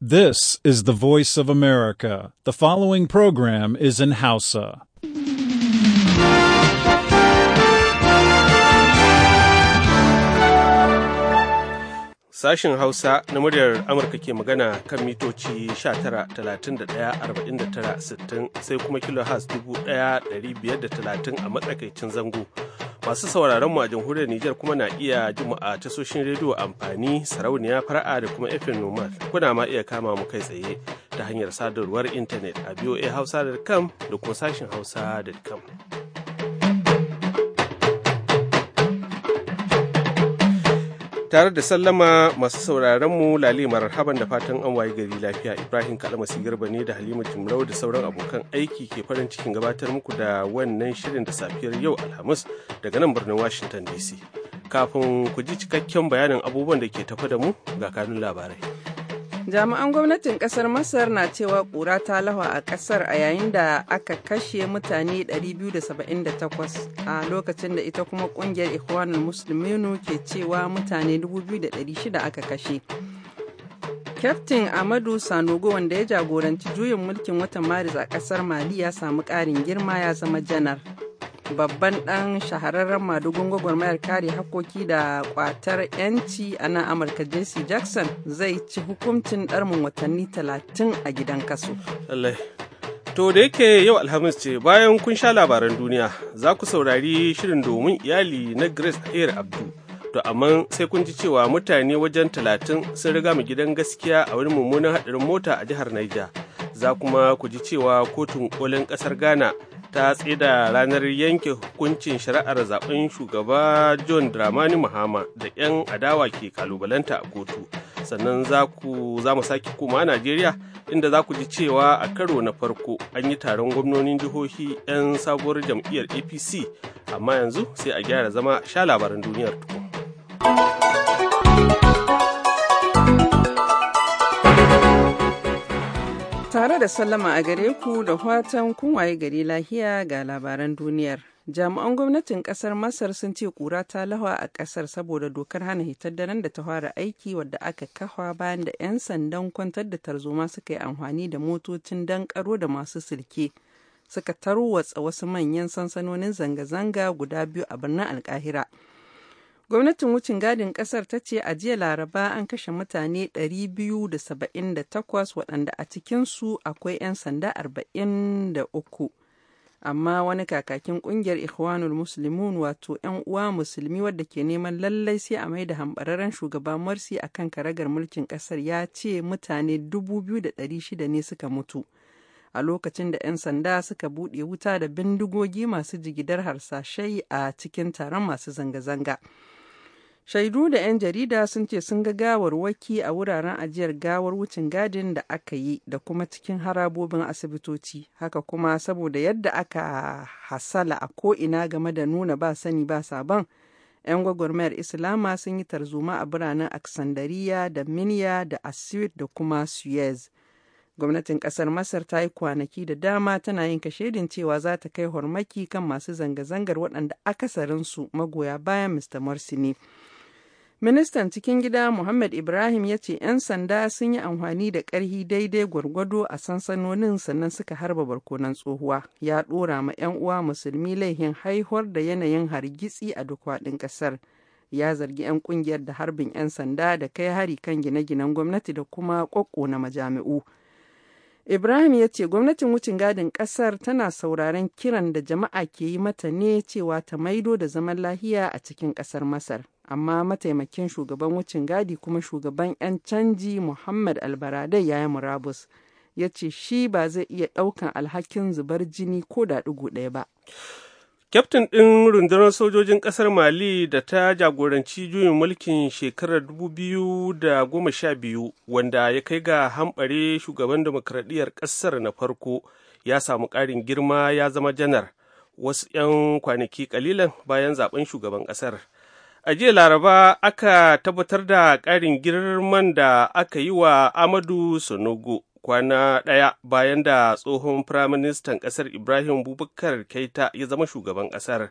This is the voice of America. The following program is in Hausa. Sashen Hausa na muryar Amurka ke magana kan mitoci 19,31,49,60 sai kuma kilohas 1,530 a matsakaicin zango. masu sauraron mu a jamhuriyar Nijar kuma na iya ji mu a tasoshin rediyo amfani sarauniya fara'a da kuma FM Nomad kuna ma iya kama mu kai tsaye ta hanyar sadarwar intanet a Hausa.com da kuma sashin hausa.com. tare da sallama masu sauraron mu lale marhaban da fatan an waye gari lafiya ibrahim kalmasi garba ne da halima jimrau da sauran abokan aiki ke farin cikin gabatar muku da wannan shirin da safiyar yau alhamis daga nan birnin washington dc kafin ku ji cikakken bayanin abubuwan da ke tafa da mu ga kanun labarai Jami'an gwamnatin kasar Masar na cewa ƙura ta lawa a kasar a yayin da aka kashe mutane 278 a lokacin da ita kuma ƙungiyar Ikhwanul Musliminu ke cewa mutane 2,600 aka kashe. Kyaftin Amadu Sanogo wanda ya jagoranci juyin mulkin watan Maris a kasar Mali ya samu ƙarin girma ya zama janar. babban ɗan shahararren madugun gwagwarmayar kare hakoki da kwatar 'yanci a nan Amurka JC Jackson zai ci hukuncin darmin watanni talatin a gidan kaso. To da yake yau Alhamis ce bayan kun sha labaran duniya za ku saurari shirin domin iyali na Grace Air Abdu. To amma sai kun ji cewa mutane wajen talatin sun riga mu gidan gaskiya a wani mummunan haɗarin mota a jihar Niger. Za kuma ku ji cewa kotun kolin ƙasar Ghana ta tsida ranar yanke hukuncin shari'ar zaben shugaba john dramani mahama da 'yan adawa ke kalubalanta a kotu sannan za mu sake koma najeriya inda za ku ji cewa a karo na farko an yi taron gwamnonin jihohi 'yan sabuwar jam'iyyar apc amma yanzu sai a gyara zama sha labaran duniyar tukun. Tare da sallama a gare ku da watan kunwaye gari lahiya ga labaran duniyar. Jami'an gwamnatin kasar Masar sun ce kura ta lawa a kasar saboda dokar hana hitar daren da ta fara aiki wadda aka kafa bayan da 'yan sandan kwantar da tarzoma suka yi amfani da motocin dan karo da masu silke suka tarwatsa wasu manyan sansanonin zanga-zanga guda biyu a birnin Alkahira. Gwamnatin wucin gadin kasar ta ce a jiya Laraba an kashe mutane 278 waɗanda a cikinsu akwai 'yan sanda 43. Amma wani kakakin ƙungiyar Ikhwanul Muslimun wato 'yan uwa musulmi wadda ke neman lallai sai a mai da hambararren shugaba Morsi a kan karagar mulkin kasar ya ce mutane 2,600 ne suka mutu. A lokacin da 'yan sanda suka buɗe wuta da bindigogi masu jigidar harsashai a cikin taron masu zanga-zanga. Shaidu da 'yan jarida sun ce sun ga gawar waki a wuraren ajiyar gawar wucin gadin da aka yi da kuma cikin harabobin asibitoci. Haka kuma saboda yadda aka hasala a ko'ina game da nuna ba sani ba sabon, 'yan gwagwarmayar Islama sun yi tarzoma a biranen Aksandariya da miniya da Aswit da kuma Suez. Gwamnatin ƙasar Masar ta yi kwanaki da dama tana yin kashedin cewa za ta kai hormaki kan masu zanga-zangar waɗanda akasarinsu magoya bayan Mr. Morsi ne. Ministan cikin gida Muhammad Ibrahim ya ce 'yan sanda sun yi amfani da ƙarhi daidai gwargwado a sansanonin sannan suka harba barkonan tsohuwa ya ɗora ma 'yan uwa musulmi laihin haihuwar da yanayin hargitsi a duk faɗin ƙasar. Ya zargi 'yan ƙungiyar da harbin 'yan sanda da kai hari kan gine-ginen gwamnati da kuma na majami'u. Ibrahim ya ce gwamnatin wucin gadin kasar tana sauraron kiran da jama'a ke yi mata ne cewa ta maido da zaman lahiya a cikin kasar Masar. Amma mataimakin shugaban wucin gadi kuma shugaban 'yan canji Muhammad Albaradai ya yi murabus. Ya ce shi ba zai iya ɗaukan alhakin zubar jini ko da ɗigo ɗaya ba. Kyaftin ɗin rundunar sojojin ƙasar Mali da ta jagoranci juyin mulkin shekarar 2012 wanda ya kai ga hambare shugaban demokradiyyar ƙasar na farko ya samu ƙarin girma ya zama janar wasu 'yan kwanaki ƙalilan bayan zaben shugaban ƙasar. A jiya Laraba aka tabbatar da ƙarin girman da aka yi wa Amadu Sonogo kwana ɗaya bayan da tsohon firaministan ƙasar ibrahim bubakar keita ya zama shugaban ƙasar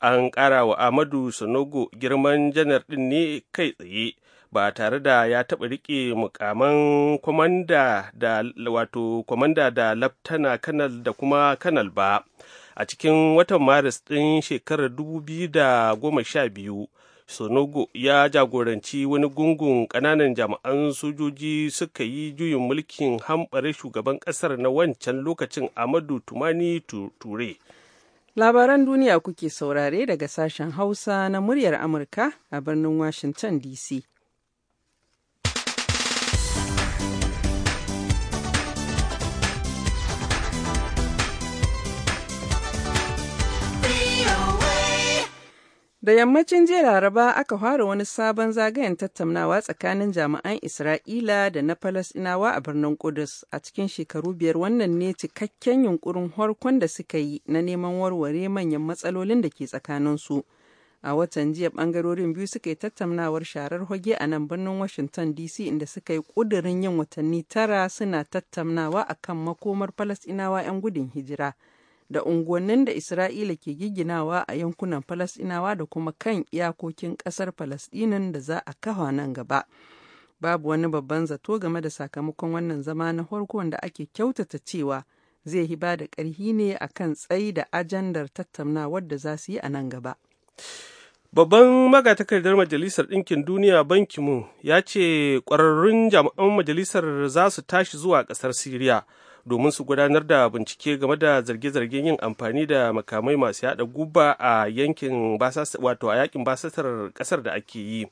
an ƙara wa ahmadu sanogo girman janar ɗin ne kai tsaye ba tare da ya taɓa riƙe mukaman kwamanda da wato kwamanda da laftana kanal da kuma kanal ba a cikin watan maris ɗin shekarar 2012 sonogo ya jagoranci wani gungun ƙananan jami'an sojoji suka yi juyin mulkin hamɓare shugaban ƙasar na wancan lokacin amadu tumani ture labaran duniya kuke saurare daga sashen hausa na muryar amurka a birnin washington dc Da yammacin jiya Laraba aka fara wani sabon zagayen tattaunawa tsakanin jami'an Isra'ila da na Falasɗinawa a birnin Kudus a cikin shekaru biyar wannan ne cikakken yunkurin harkon da suka yi na neman warware manyan matsalolin da ke tsakanin su A watan jiya bangarorin biyu suka yi tattaunawar sharar hoge a nan birnin Washington DC inda suka yi ƙudurin yin watanni tara suna tattaunawa akan makomar Falasɗinawa 'yan gudun hijira. da unguwannin da Isra'ila ke giginawa a yankunan Falasɗinawa da kuma kan iyakokin ƙasar Falasɗinan da za a kafa nan gaba. Babu wani babban zato game da sakamakon wannan zama na farko wanda ake kyautata cewa zai ba da ƙarhi ne a kan tsayi da ajandar tattaunawar da za su yi a nan gaba. Babban magatakardar Majalisar Ɗinkin Duniya Banki mu ya ce ƙwararrun jami'an majalisar za su tashi zuwa ƙasar Siriya. domin su gudanar da bincike game da zarge-zargen yin amfani da makamai masu yada guba a yankin wato a yakin basasar kasar da ake yi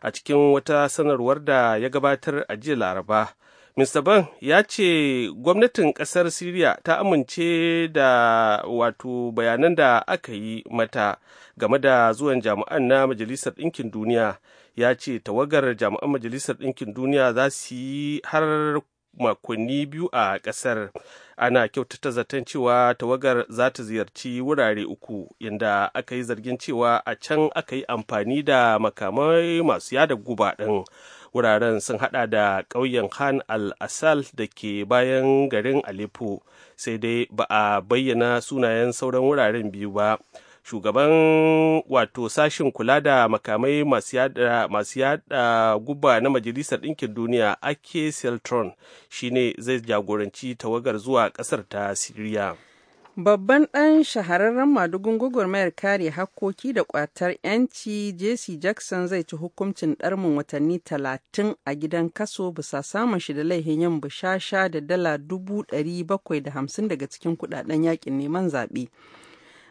a cikin wata sanarwar da ya gabatar a jiya laraba Mr. Ban ya ce gwamnatin ƙasar Siriya ta amince da wato bayanan da aka yi mata game da zuwan jami'an na Majalisar Ɗinkin Duniya. Ya ce tawagar jami'an Majalisar Ɗinkin Duniya za su yi har makonni biyu a ƙasar ana kyautata zaton cewa tawagar za ta ziyarci wurare uku inda aka yi zargin cewa a can aka yi amfani da makamai masu yada guba ɗin wuraren sun hada da ƙauyen han al-asal da ke bayan garin aleppo sai dai ba a bayyana sunayen sauran wuraren biyu ba shugaban wato sashen kula da makamai masu yada guba na majalisar ɗinkin duniya ake seltron shine zai jagoranci tawagar zuwa ƙasar ta siriya Babban ɗan shahararren madugun mayar kare hakkoki da ƙwatar 'yanci JC Jackson zai ci hukuncin ɗarmin watanni talatin a gidan kaso bisa samun shi da laihin yin bushasha da dala dubu ɗari bakwai da hamsin daga cikin kuɗaɗen yakin neman zaɓe.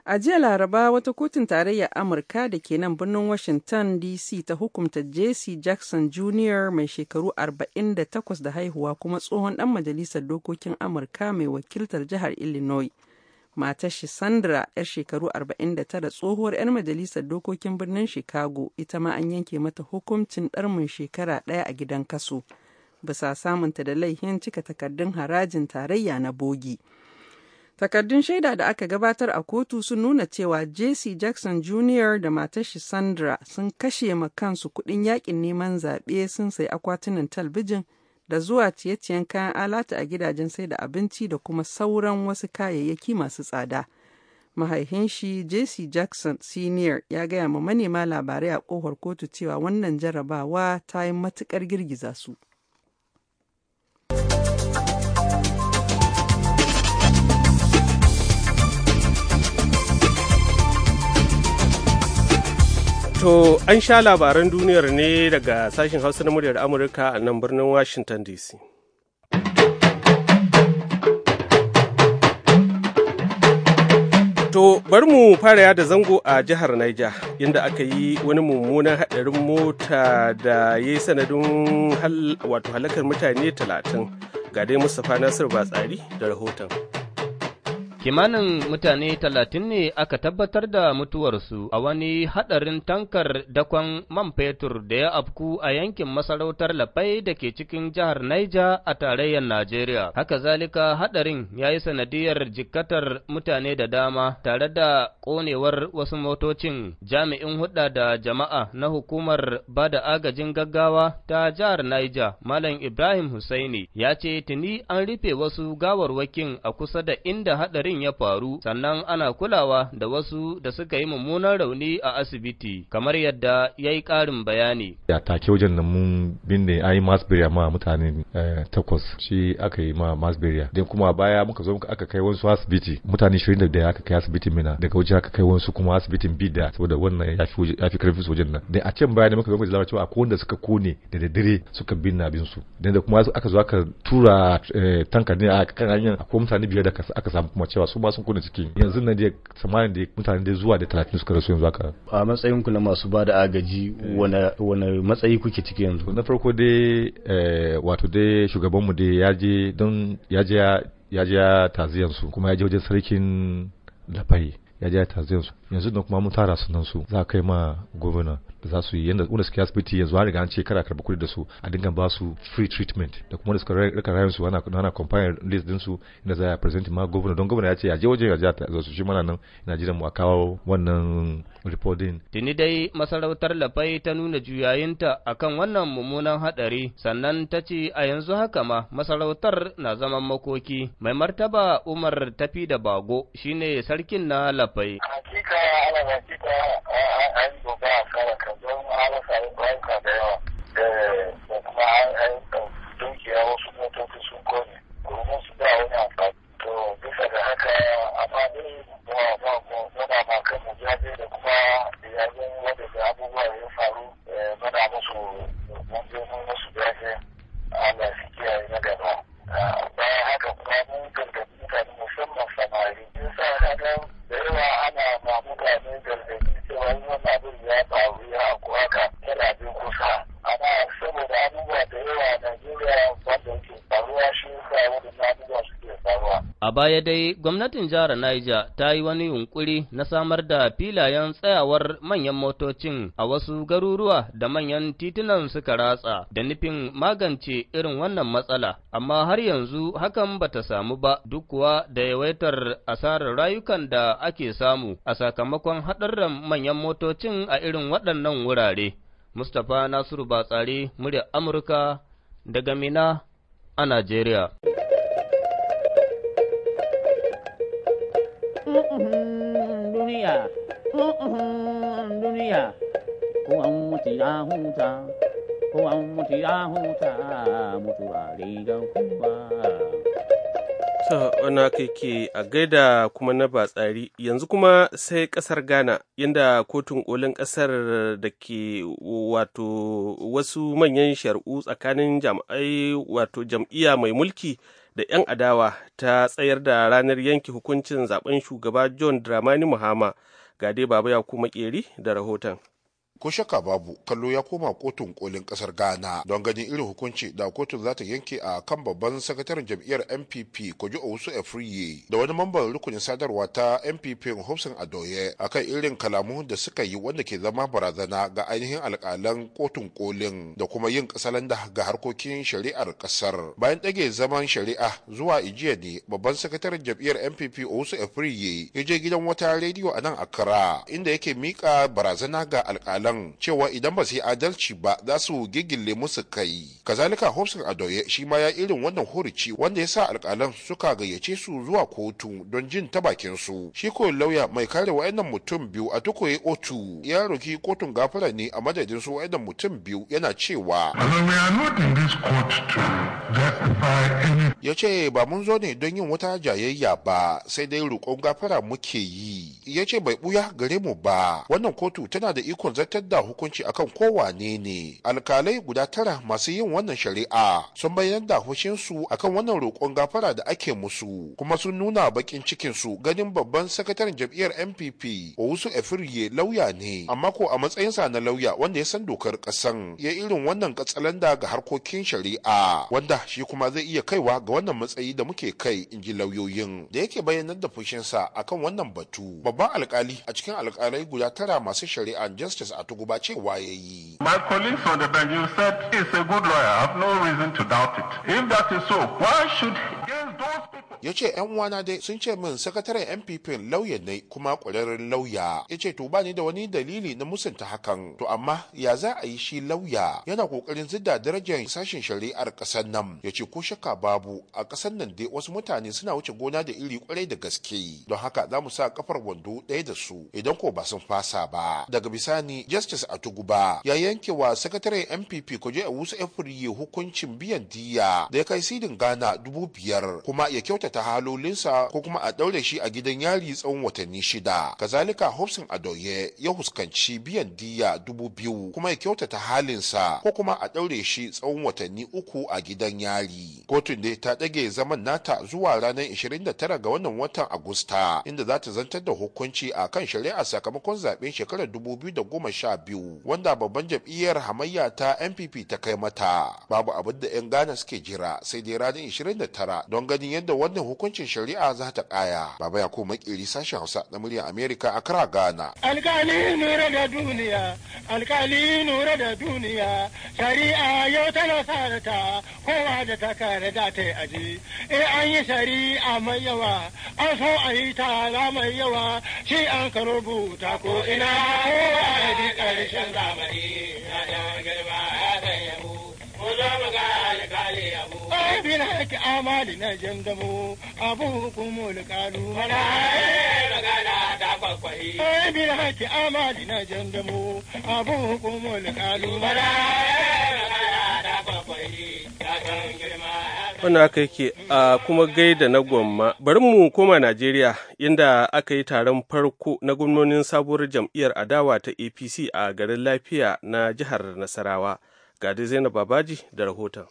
A jiya Laraba wata kotun tarayyar Amurka da ke nan birnin Washington DC ta hukunta JC Jackson Jr. mai shekaru 48 da haihuwa kuma tsohon ɗan majalisar dokokin Amurka mai wakiltar jihar Illinois. Matar shi Sandra, 'yar shekaru 49 tsohuwar 'yar majalisar dokokin birnin Chicago, ita ma an yanke mata hukuncin ɗarmin shekara ɗaya a gidan kaso. Bisa samunta da laihin cika takardun harajin tarayya na bogi. Takardun shaida da aka gabatar a kotu sun nuna cewa JC Jackson Jr. da matar shi Sandra sun kashe ma kansu kuɗin yakin neman zaɓe sun sayi akwatunan talbijin da zuwa ciye-ciyen kayan alata a gidajen sai da abinci da kuma sauran wasu kayayyaki masu tsada. Mahaihin shi JC Jackson Sr. ya gaya ma manema labarai a kohar kotu cewa wannan jarabawa ta yi matukar girgiza su. To, an sha labaran duniyar ne daga sashen Hausa na muryar Amurka a nan birnin Washington DC. To, bar mu fara yada zango a jihar Niger, inda aka yi wani mummunan haɗarin mota da ya yi sanadin wato halakar mutane talatin. Ga dai Mustapha Nasiru Batsari da rahoton. Kimanin mutane talatin ne aka tabbatar da mutuwarsu a wani haɗarin tankar dakon man fetur da ya afku a yankin masarautar Lafai da ke cikin jihar Naija a tarayyar Najeriya. Haka zalika haɗarin ya yi sanadiyar jikkatar mutane da dama tare da ƙonewar wasu motocin jami'in hudda da jama'a na hukumar ba da agajin gaggawa ta jihar Naija, Malam Ibrahim Husaini, ya ce tuni an rufe wasu gawarwakin a kusa da inda haɗarin lamarin ya faru sannan ana kulawa da wasu da suka yi mummunan rauni a asibiti kamar yadda ya yi ƙarin bayani. Ya take wajen nan mun binne a yi masbiriya ma mutane eh, takwas shi aka yi ma masbiriya. Dan kuma baya muka zo aka kai wasu asibiti mutane shirin da aka kai asibitin mina daga wajen aka kai wasu kuma asibitin bida saboda wannan ya fi su wajen nan. Dan a can baya da muka zo muka zama cewa akwai wanda suka kone da daddare suka binne abinsu. Dan da kuma aka zo aka tura eh, tankar ne a kan hanyar akwai mutane biyar da aka samu kuma cewa su ma sun kuna ciki yanzu nan dai samanin da mutane da zuwa da talatin suka rasu yanzu haka a matsayin ku na masu bada agaji wani matsayi kuke ciki yanzu na farko dai eh, wato dai shugabanmu dai ya je don ya je ya taziyansu kuma ya je wajen sarkin lafai ya je ya taziyansu yanzu da kuma mun tara sunan su za kai ma gwamna da za su yi yanda wanda suke asibiti yanzu an riga an ce kara karba kuɗi da su a dinga ba su free treatment da kuma da suka rika rayuwar su ana ana compare list din su inda za a present ma gwamna don gwamna ya ce ya je waje ya za su shi mana nan ina jiran mu a kawo wannan report din tuni dai masarautar lafai ta nuna juyayinta akan wannan mummunan hadari sannan ta ce a yanzu haka ma masarautar na zaman makoki mai martaba Umar tafi da bago shine sarkin na lafai hakika people are, are, are, are baya dai gwamnatin jihar Niger ta yi wani yunkuri na samar da filayen tsayawar manyan motocin a wasu garuruwa da manyan titunan suka ratsa da nufin magance irin wannan matsala, amma har yanzu hakan ba ta samu ba duk kuwa da yawaitar asarar rayukan da ake samu a sakamakon haɗarren manyan motocin a irin waɗannan wurare. Mustapha Nasiru Batsari, murya Amurka daga Mina a Najeriya. duniya ko an huta ko ya kuma ta ke a gaida kuma na batsari yanzu kuma sai kasar ghana yadda kotun kolin kasar da ke wato wasu manyan shari'u tsakanin jam'ai wato jam'iyya mai mulki da 'yan adawa ta tsayar da ranar yanke hukuncin zaben shugaba john dramani muhammad ga baba ya kuma ƙeri da rahoton ko shakka babu kallo ya koma kotun kolin kasar ghana don ganin irin hukunci da kotun za ta yanke a kan babban sakataren jam'iyyar npp ji owusu efriye da wani mamban rukunin sadarwa ta npp hobson adoye akan irin kalamu da suka yi wanda ke zama barazana ga ainihin alkalan kotun kolin da kuma yin kasalan da ga harkokin shari'ar kasar bayan ɗage zaman shari'a zuwa ijiya ne babban sakataren jam'iyyar npp owusu efriye ya je gidan wata rediyo a nan accra inda yake mika barazana ga alkalan wakilan cewa idan ba su yi adalci ba za su gigille musu kai kazalika hobson adoye shi ma ya irin wannan horici wanda ya sa alƙalan suka gayyace su zuwa kotu don jin ta bakin su shi ko lauya mai kare wa'annan mutum biyu a tukoye otu ya roki kotun gafara ne a madadin su wa'annan mutum biyu yana cewa ya ce ba mun zo ne don yin wata jayayya ba sai dai roƙon gafara muke yi ya ce bai buya gare mu ba wannan kotu tana da ikon zata zartar da hukunci akan kowane ne alkalai guda tara masu yin wannan shari'a sun bayyana da su akan wannan roƙon gafara da ake musu kuma sun nuna bakin su ganin babban sakataren jam'iyyar npp owusu efirye lauya ne amma ko a matsayin sa na lauya wanda ya san dokar ƙasan ya irin wannan katsalanda ga harkokin shari'a wanda shi kuma zai iya kaiwa ga wannan matsayi da muke kai in ji lauyoyin da yake bayyanar da fushinsa akan wannan batu babban alkali a cikin alkalai guda tara masu shari'a justice a Tuguba cewa ya yi. My colleagues on the bench, you said he's a good lawyer. I have no reason to doubt it. If that is so, why should against ya ce 'yan wana dai sun ce min sakataren MPP lauya ne kuma kwararren lauya ya ce to ba ni da wani dalili na musanta hakan to amma ya za a yi shi lauya yana ƙoƙarin zidda darajar sashen shari'ar ƙasar nan ya ce ko shakka babu a ƙasar nan dai wasu mutane suna wuce gona da iri kwarai da gaske don haka za mu sa kafar wando ɗaya da su idan ko ba sun fasa ba daga bisani justice a tuguba ya yanke wa sakataren mpp kwaje a wusa efuriye hukuncin biyan diya da ya kai sidin ghana dubu biyar kuma ya kyautata halolinsa ko kuma a daure shi a gidan yari tsawon watanni shida kazalika hobson adoye ya huskanci biyan diya dubu biyu kuma ya kyautata halinsa ko kuma a daure shi tsawon watanni uku a gidan yari kotun dai ta ɗage zaman nata zuwa ranar da tara ga wannan watan agusta inda za ta zantar da hukunci a kan shari'a sakamakon zaben shekarar da goma sha. sha wanda babban jam'iyyar hamayya ta npp ta kai mata babu abin da 'yan ghana suke jira sai dai ranar tara, don ganin yadda wannan hukuncin shari'a za ta kaya baba ya kuma kiri sashen hausa na muryar america a kara ghana alkali nura da duniya alkali nura da duniya shari'a yau tana sa ta kowa da ta kare da ta aji eh an yi shari'a mai yawa an so a yi tara mai yawa shi an ka rubuta ko ina yi ƙarshen zamani na da girma ya da yabo. Mu zo mu ga alƙali yabo. Ai bin amali na jandamu abu hukumu alƙalu. Mana ai magana ta kwakwai. Ai bin amali na abu hukumu alƙalu. Mana ai magana ta kwakwai ta kan girma wannan aka yake a kuma gaida na gwamma bari mu koma najeriya inda aka yi taron farko na gwamnonin sabuwar jam'iyyar adawa ta apc a garin lafiya na jihar nasarawa ga zainab babaji da rahoton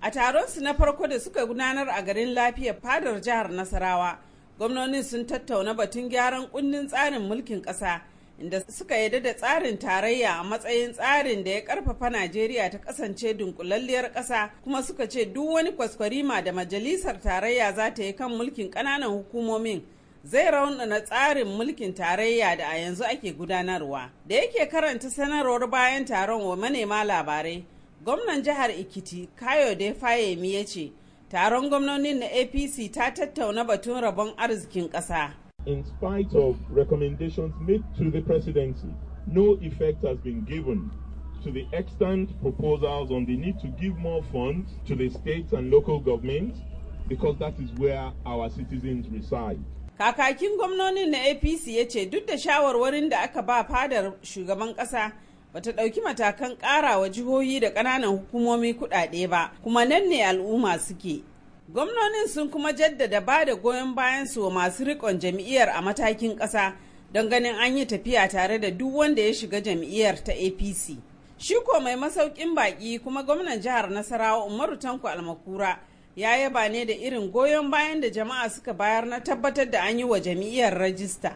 a taron su na farko da suka gudanar a garin lafiya fadar jihar nasarawa gwamnonin sun tattauna batun gyaran kundin tsarin mulkin ƙasa inda suka yadda da tsarin tarayya a matsayin tsarin da ya karfafa Najeriya ta kasance dunkulalliyar ƙasa kuma suka ce duk wani kwaskwarima da majalisar tarayya za ta yi kan mulkin ƙananan hukumomin zai raunana tsarin mulkin tarayya da a yanzu ake gudanarwa. Da yake karanta sanarwar bayan taron wa manema labarai, gwamnan jihar Ikiti Kayode Fayemi ya ce, taron gwamnonin na APC ta tattauna batun rabon arzikin ƙasa. in spite of recommendations made to the presidency, no effect has been given to the extant proposals on the need to give more funds to the states and local governments because that is where our citizens reside. Kakakin gwamnonin na APC ya ce duk da shawarwarin da aka ba fadar shugaban ƙasa bata ɗauki matakan ƙara wa jihohi da ƙananan hukumomi kuɗaɗe ba, kuma nan ne al'umma suke. gwamnonin sun kuma jaddada ba da goyon bayan su wa masu rikon jam'iyyar a matakin ƙasa don ganin an yi tafiya tare da duk wanda ya shiga jam'iyyar ta apc shi ko mai masaukin baki kuma gwamnan jihar nasarawa umaru tanko almakura ya yaba ne da irin goyon bayan da jama'a suka bayar na tabbatar da an yi wa jam'iyyar rajista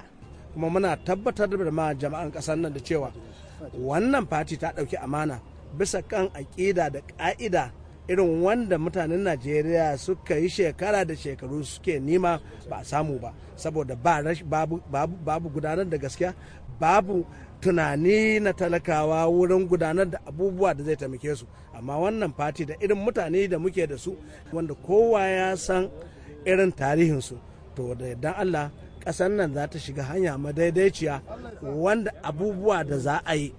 kuma muna tabbatar da ma jama'an ƙasar nan da cewa wannan fati ta ɗauki amana bisa kan aƙida da ƙa'ida irin wanda mutanen najeriya suka yi shekara da shekaru suke nima ba samu ba saboda babu gudanar da gaskiya babu tunani na talakawa wurin gudanar da abubuwa da zai taimake su amma wannan fati da irin mutane da muke da su wanda kowa ya san irin tarihinsu to da yardan allah ƙasar nan za ta shiga hanya madaidaiciya wanda abubuwa da za a yi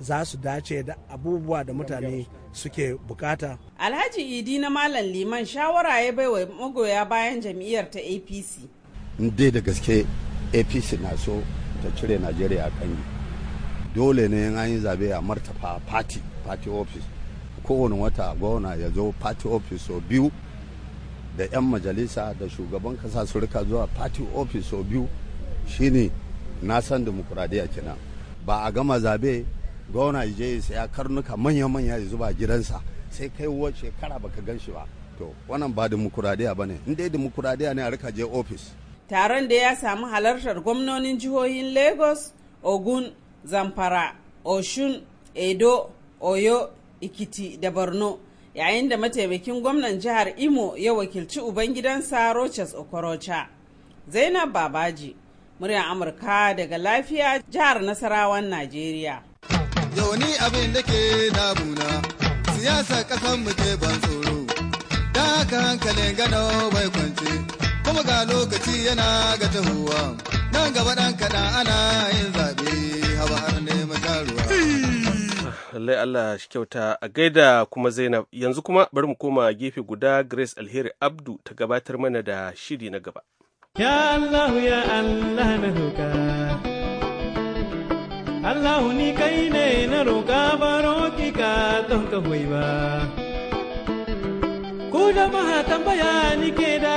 za su dace da abubuwa da mutane suke bukata. Alhaji Idi na Malam Liman shawara ya bai wa magoya bayan jam'iyyar ta APC. in dai da gaske APC na so ta cire Najeriya a kanyi. Dole ne in an zabe a martafa party, party office. Kowane wata gwamna ya zo party office sau biyu da 'yan majalisa da shugaban kasa su rika zuwa party office sau biyu shine na san dimokuraɗiyya kenan. Ba a gama zabe gona ya je ya saya karnuka manya-manya ya zuba gidansa sai kai wa shekara baka gan shi ba to wannan ba dimokuraɗiyya ba ne in dai dimokuraɗiyya ne a rika je ofis taron da ya samu halartar gwamnonin jihohin lagos ogun zamfara oshun edo oyo ikiti da borno yayin da mataimakin gwamnan jihar imo ya wakilci ubangidansa rochas okorocha zainab babaji murya amurka daga lafiya jihar nasarawan najeriya yau ni abin da ke damuna siyasa kasan mu ke ban tsoro da haka hankalin gano bai kwance kuma ga lokaci yana ga tahowa nan gaba dan kaɗan ana yin zaɓe haba har neman taruwa. Allah Allah shi kyauta a gaida kuma Zainab yanzu kuma bari mu koma gefe guda Grace Alheri Abdu ta gabatar mana da shiri na gaba. Ya Allah ya Allah na hukar. Allah ni kai ne na roƙa baro ki ka don ka hoyi ba. Ku maha tambaya ni ke da.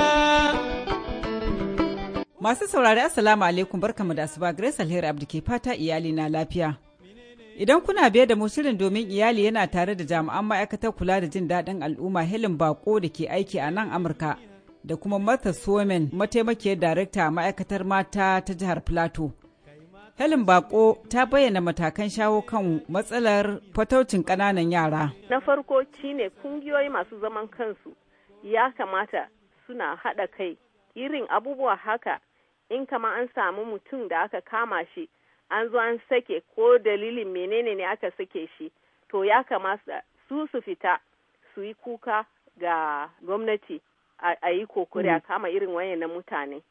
Masu saurari Assalamu alaikum barkamu da asuba Grace Alheri Abdi ke fata iyali na lafiya. Idan kuna biye da mu domin iyali yana tare da jami'an ma'aikatar kula da jin daɗin al'umma Helen Bako da ke aiki a nan Amurka da kuma Martha Suomen mataimakiyar darakta ma'aikatar mata ta jihar Plateau. Helen Bako ta bayyana matakan shawo kan matsalar fataucin ƙananan yara. Na farko ne kungiyoyi masu zaman kansu ya kamata suna haɗa kai irin abubuwa haka in kama an samu mutum da aka kama shi an zo an sake ko dalilin menene ne aka sake shi to ya kamata su su fita su yi kuka ga gwamnati a yi kokari a mm. kama irin wayannan mutane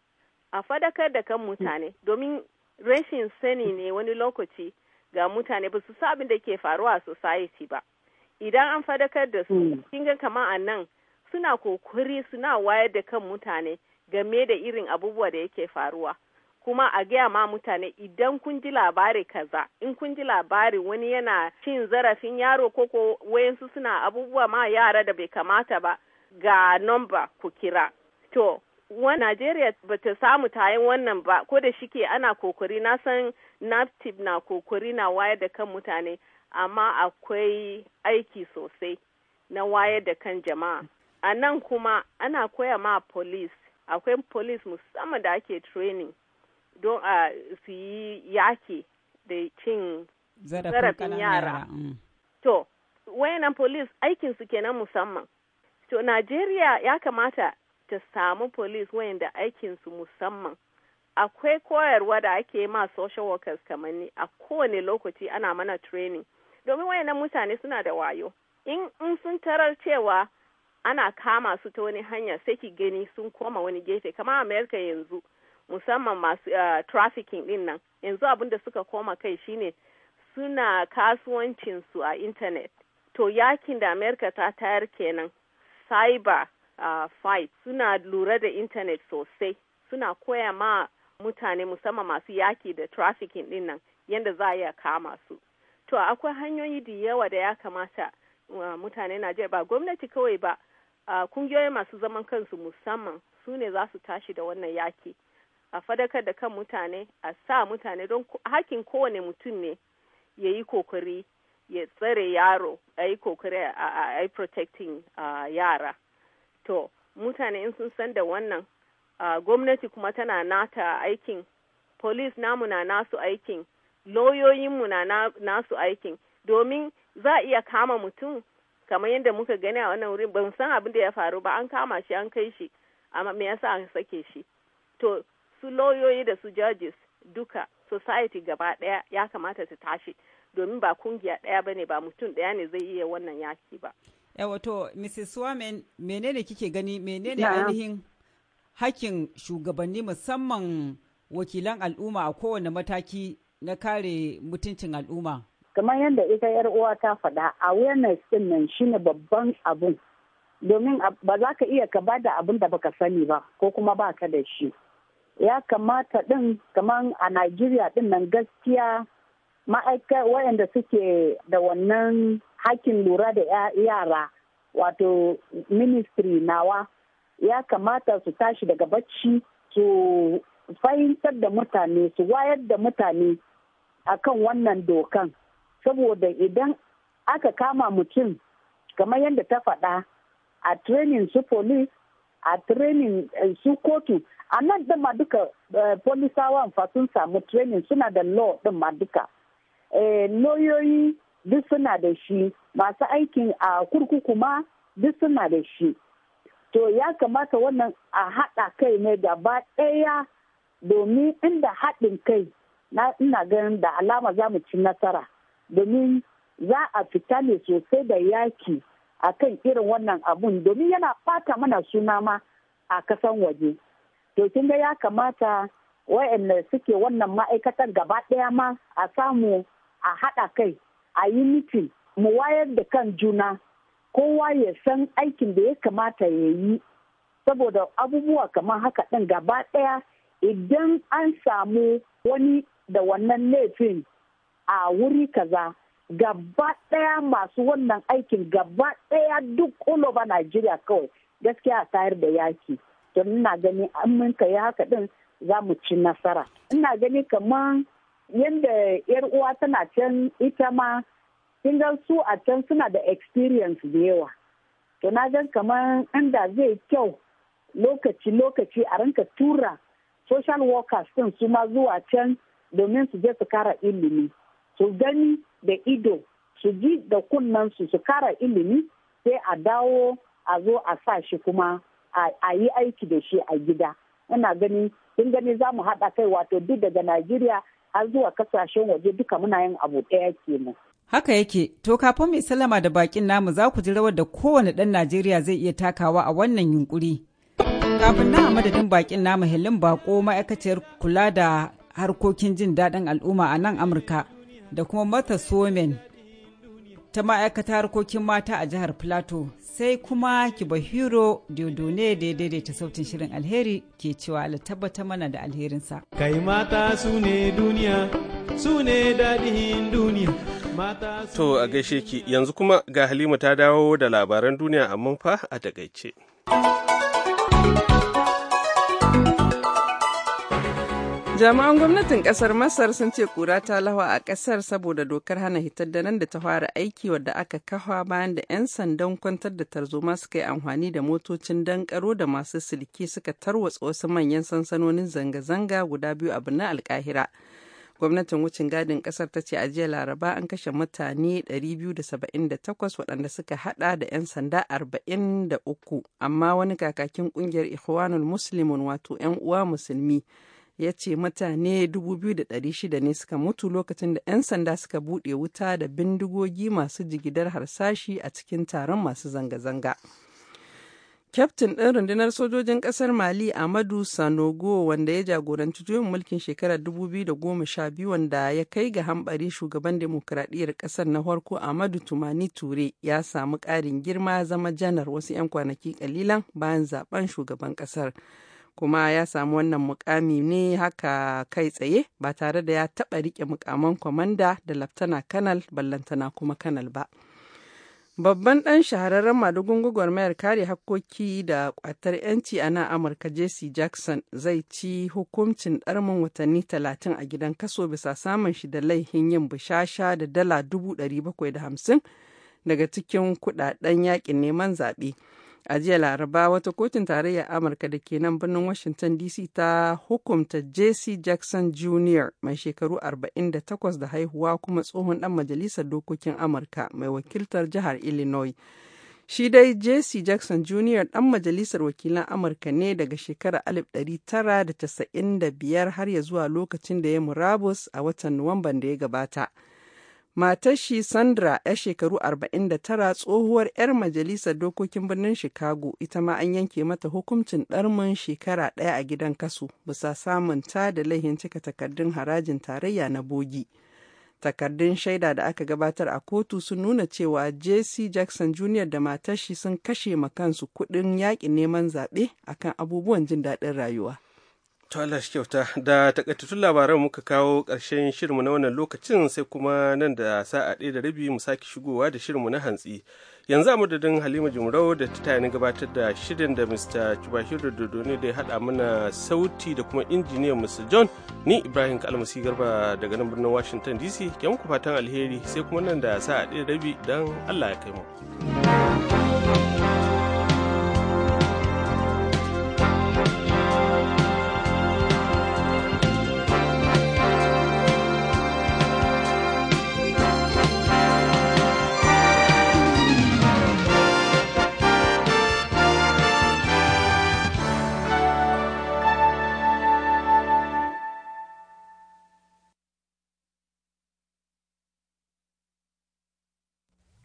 a fadakar da kan mutane mm. domin rashin sani ne wani lokaci ga mutane ba su sabin da ke faruwa a society ba idan an fadakar da su hmm. kin ga kamar a nan suna kokuri suna wayar da kan mutane game da irin abubuwa da yake faruwa kuma a gaya ma mutane idan kun ji labari kaza in kun ji labari wani yana cin zarafin yaro ko ko wayansu suna abubuwa ma yara da bai kamata ba ga nomba ku kira to wa Najeriya ba ta samu tayin wannan ba ko da shike ana kokari na san NAPTIP na kokari na wayar da kan mutane amma akwai aiki sosai na wayar da kan jama'a a nan kuma ana koya ma police akwai police musamman da ake training don a su yi yaki da cin zarafin yara mm. to wayanan police aikinsu kenan musamman to Najeriya ya kamata ta samu police wayanda aikinsu musamman akwai koyarwa da ake ma social workers kamar ni a kowane lokaci ana mana training domin wayannan mutane suna da wayo in in sun tarar cewa ana kama su ta wani hanya sai ki gani sun koma wani gefe kamar america yanzu musamman masu uh, trafficking din nan yanzu abin da suka koma kai shine suna kasuwancinsu a intanet to yakin da america ta tayar kenan cyber fight suna lura da intanet sosai suna koya ma mutane musamman masu yaki da trafikin din nan yadda za a iya kama su to akwai hanyoyi da yawa da ya kamata mutane najeriya ba gwamnati kawai ba kungiyoyi masu zaman kansu musamman su ne za su tashi da wannan yaki a fadakar da kan mutane a sa mutane don hakin kowane mutum ne ya yi kokari ya tsare yaro a yi kokari a yi protecting yara to mutane in sun san da wannan gwamnati kuma tana nata aikin police namu na nasu aikin lauyoyinmu na nasu aikin domin za a iya kama mutum kamar yadda muka gani a wannan wurin ban san abin da ya faru ba an kama shi an kai shi amma me yasa an sake shi to su lauyoyi da su judges duka society gaba daya ya kamata ta tashi domin ba kungiya daya bane ba mutum daya ne zai iya wannan yaki ba wato mrs swamin menene kike gani menene ainihin hakkin shugabanni musamman wakilan al'umma a kowane mataki na kare mutuncin al'umma kamar yadda ita yar uwa ta faɗa awareness din nan shine babban abun domin ba za ka iya ka ba da abin da baka sani ba ko kuma ba ka da shi ya kamata din kamar a Najeriya din nan gaskiya ma'aikata wayanda suke da wannan hakkin lura da yara wato ministry nawa ya kamata su tashi daga bacci su fahimtar da mutane su wayar da mutane akan wannan dokan saboda idan aka kama mutum kamar yadda ta faɗa a training su police a training eh, su kotu a nan ɗin ma duka eh, polisawan fa sun samu training suna da law din ma duka eh, lauyoyi duk suna da shi masu aikin a kurkuku ma duk suna da shi to ya kamata wannan a haɗa kai ne gaba ɗaya domin inda haɗin kai na ina ganin da alama za mu ci nasara domin za a fita ne sosai da yaki a kan irin wannan abun domin yana fata mana suna ma a kasan waje to kin ga ya kamata wayanda suke wannan ma'aikatan gaba ɗaya ma a samu a haɗa kai a yi mitin mu wayar da kan juna kowa ya san aikin da ya kamata ya yi saboda abubuwa kamar haka ɗin gaba ɗaya idan an samu wani da wannan laifin a wuri kaza gaba ɗaya masu wannan aikin gaba ɗaya duk ba Najeriya kawai gaskiya a tayar da yaki don ina gani an mun yi haka ɗin za mu ci nasara ina gani kamar yadda yar uwa tana can ita ma kin su a can suna da experience da yawa to na gan kamar inda zai kyau lokaci lokaci a rinka tura social workers din su ma zuwa can domin su je su kara ilimi su gani da ido su ji da kunnen su su kara ilimi sai a dawo a zo a sa shi kuma a yi aiki da shi a gida ina gani kin gani za mu haɗa kai wato duk daga najeriya har zuwa kasashen waje duka muna yin abu ɗaya mu. Haka yake, to kafin mai sallama da bakin namu za ku ji rawar da kowane ɗan Najeriya zai iya takawa a wannan yunkuri. Kafin na madadin bakin namu Helen Bako ma'aikaciyar kula da harkokin jin daɗin al'umma a nan Amurka da kuma Martha Somen ta ma'aikata harkokin mata a jihar Plateau sai kuma Kibahiro Diodone da ya daidaita sautin shirin alheri ke cewa ala tabbata mana da alherinsa. Kai mata su ne duniya, su ne daɗin duniya. To a gaishe ki yanzu kuma ga Halima ta dawo da labaran duniya amma fa a takaice. Jami'an gwamnatin kasar Masar sun ce kura ta lawa a kasar saboda dokar hana hitar da nan da ta fara aiki wadda aka kafa bayan da 'yan sandan kwantar da tarzoma suka yi amfani da motocin dankaro da masu silki suka tarwatsa wasu manyan sansanonin zanga-zanga guda biyu a birnin alkahira. gwamnatin wucin gadin kasar ta ce a jiya laraba an kashe mutane 278 waɗanda suka hada da 'yan sanda 43 amma wani kakakin kungiyar ikhwanul muslimun wato 'yan uwa musulmi ya ce mutane 2,600 ne suka mutu lokacin da 'yan sanda suka buɗe wuta da bindigogi masu jigidar harsashi a cikin taron masu zanga-zanga. Kyaftin ɗin rundunar sojojin ƙasar Mali Amadu Sanogo wanda ya jagoranci juyin mulkin shekarar 2012 wanda ya kai ga hambari shugaban demokuraɗiyyar ƙasar na farko Amadu Tumani Ture ya samu ƙarin girma zama janar wasu 'yan kwanaki ƙalilan bayan zaben shugaban ƙasar. kuma ya samu wannan mukami ne haka kai tsaye ba tare da ya taɓa rike mukaman kwamanda da laftana kanal ballantana kuma kanal ba babban ɗan shahararren madugun gwagwarmayar kare hakkoki da kwatar 'yanci a nan amurka jesse jackson zai ci hukuncin ɗarmin watanni 30 a gidan kaso bisa samun shi da laihin yin bushasha da dala 750 daga cikin kudaden yakin neman zaɓe. a jiya laraba wata kotun tarayyar amurka da ke nan birnin washington dc ta hukumta jc jackson jr mai shekaru 48 da haihuwa kuma tsohon dan majalisar dokokin amurka mai wakiltar jihar illinois shi dai jc jackson jr dan majalisar wakilan amurka ne daga shekarar 1995 har ya zuwa lokacin da ya murabus a watan nuwamban da ya gabata. Matar Sandra ya shekaru 49 tsohuwar 'yar majalisar dokokin birnin Chicago ita ma an yanke mata hukuncin ɗarmin shekara ɗaya a gidan kasu bisa samun ta da laihin cika takardun harajin tarayya na bogi. Takardun shaida da aka gabatar a kotu sun nuna cewa JC Jackson Jr. da matar shi sun kashe ma kansu kuɗin yaƙin neman zaɓe akan abubuwan jin daɗin rayuwa. To Allah shi kyauta da takaitattun labaran muka kawo ƙarshen shirinmu na wannan lokacin sai kuma nan da sa'a ɗaya da rabi mu sake shigowa da shirinmu na hantsi. Yanzu a madadin Halima Jumrau da ta tayani gabatar da shirin da Mr. Chubashiru ne da ya haɗa mana sauti da kuma injiniyan Mr. John ni Ibrahim Kalmasi Garba daga nan birnin Washington DC ke muku fatan alheri sai kuma nan da sa'a ɗaya da rabi don Allah ya kai mu.